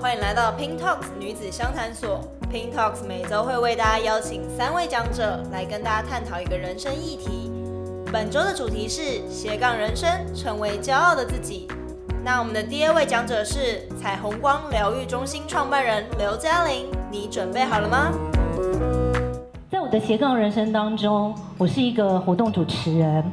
歡迎來到 Pink Talks 女子相談所。Pink Talks 每週會為大家邀請三位講者來跟大家探討一個人生議題。本週的主題是斜槓人生，成為驕傲的自己。那我們的第二位講者是彩虹光療癒中心創辦人劉佳憐，你準備好了嗎？在我的斜槓人生當中，我是一個活動主持人，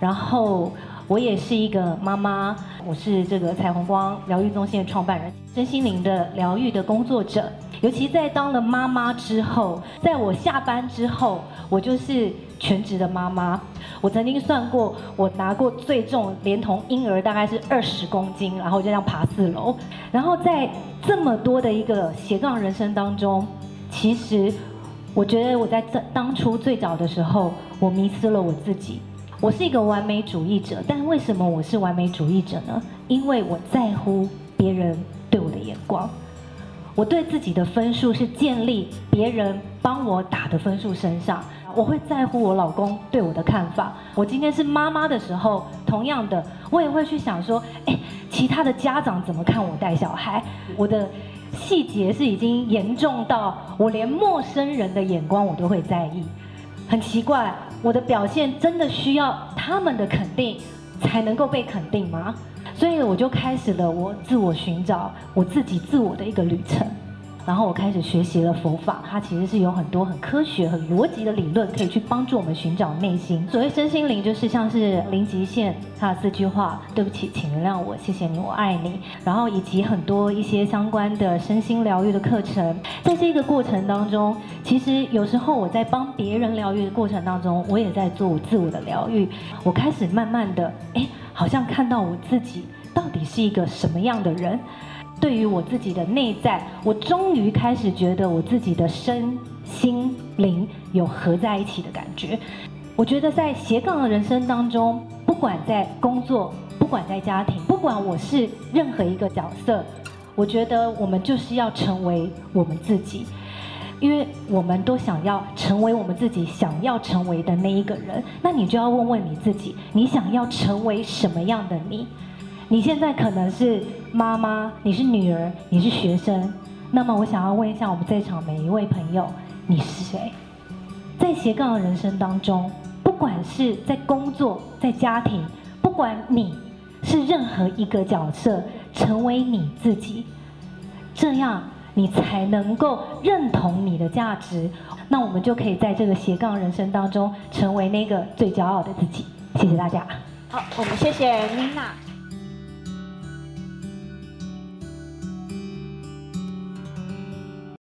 然後，我也是一個媽媽，我是這個彩虹光療癒中心的創辦人，身心靈的療癒的工作者。尤其在當了媽媽之後，在我下班之後，我就是全職的媽媽。我曾經算過，我拿過最重，連同嬰兒大概是二十公斤，然後就這樣爬四樓。然後在這麼多的一個斜槓人生當中，其實我覺得我在這當初最早的時候，我迷失了我自己。我是一個完美主義者，但為什麼我是完美主義者呢？因為我在乎別人對我的眼光，我對自己的分數是建立別人幫我打的分數身上，我會在乎我老公對我的看法。我今天是媽媽的時候，同樣的，我也會去想說，誒，其他的家長怎麼看我帶小孩？我的細節是已經嚴重到我連陌生人的眼光我都會在意，很奇怪。我的表現真的需要他們的肯定才能夠被肯定嗎？所以我就開始了我自我尋找我自己自我的一個旅程。然後我開始學習了佛法，它其實是有很多很科學、很邏輯的理論，可以去幫助我們尋找內心。所謂身心靈，就是像是零極限有四句話，對不起，請原諒我，謝謝你，我愛你。然後以及很多一些相關的身心療癒的課程，在這個過程當中，其實有時候我在幫別人療癒的過程當中，我也在做自我的療癒。我開始慢慢的，哎，好像看到我自己到底是一個什麼樣的人。對於我自己的內在，我終於開始覺得我自己的身心靈有合在一起的感覺。我覺得在斜槓的人生當中，不管在工作，不管在家庭，不管我是任何一個角色，我覺得我們就是要成為我們自己，因為我們都想要成為我們自己想要成為的那一個人。那你就要問問你自己，你想要成為什麼樣的你？你現在可能是媽媽，你是女兒，你是學生，那麼我想要問一下我們在場每一位朋友，你是誰？在斜槓的人生當中，不管是在工作、在家庭，不管你是任何一個角色，成為你自己，這樣你才能夠認同你的價值，那我們就可以在這個斜槓的人生當中成為那個最驕傲的自己。謝謝大家。好，我們謝謝 Nina。